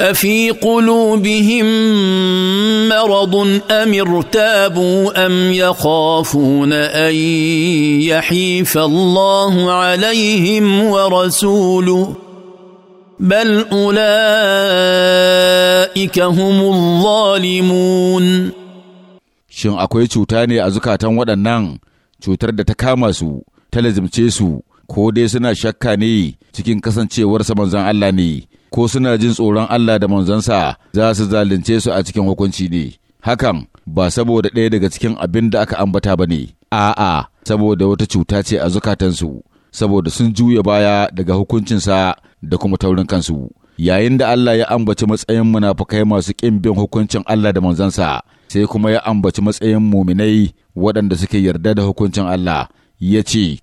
افي قلوبهم مرض ام ارتابوا ام يخافون ان يحيف الله عليهم ورسوله بل اولئك هم الظالمون shin akwai cuta ne a zukatan waɗannan cutar da ta kama su ta lazimce su ko dai suna shakka ne cikin kasancewarsa manzon Allah ne ko suna jin tsoron Allah da manzansa za su zalunce su a cikin hukunci ne hakan ba saboda ɗaya daga cikin abin da aka ambata ba ne a'a saboda wata cuta ce a zukatansu saboda sun juya baya daga hukuncinsa da kuma taurin kansu yayin da Allah ya ambaci matsayin munafukai masu ƙin bin hukuncin Allah da manzansa sai kuma ya ambaci matsayin muminai waɗanda suke yarda da hukuncin Allah ya ce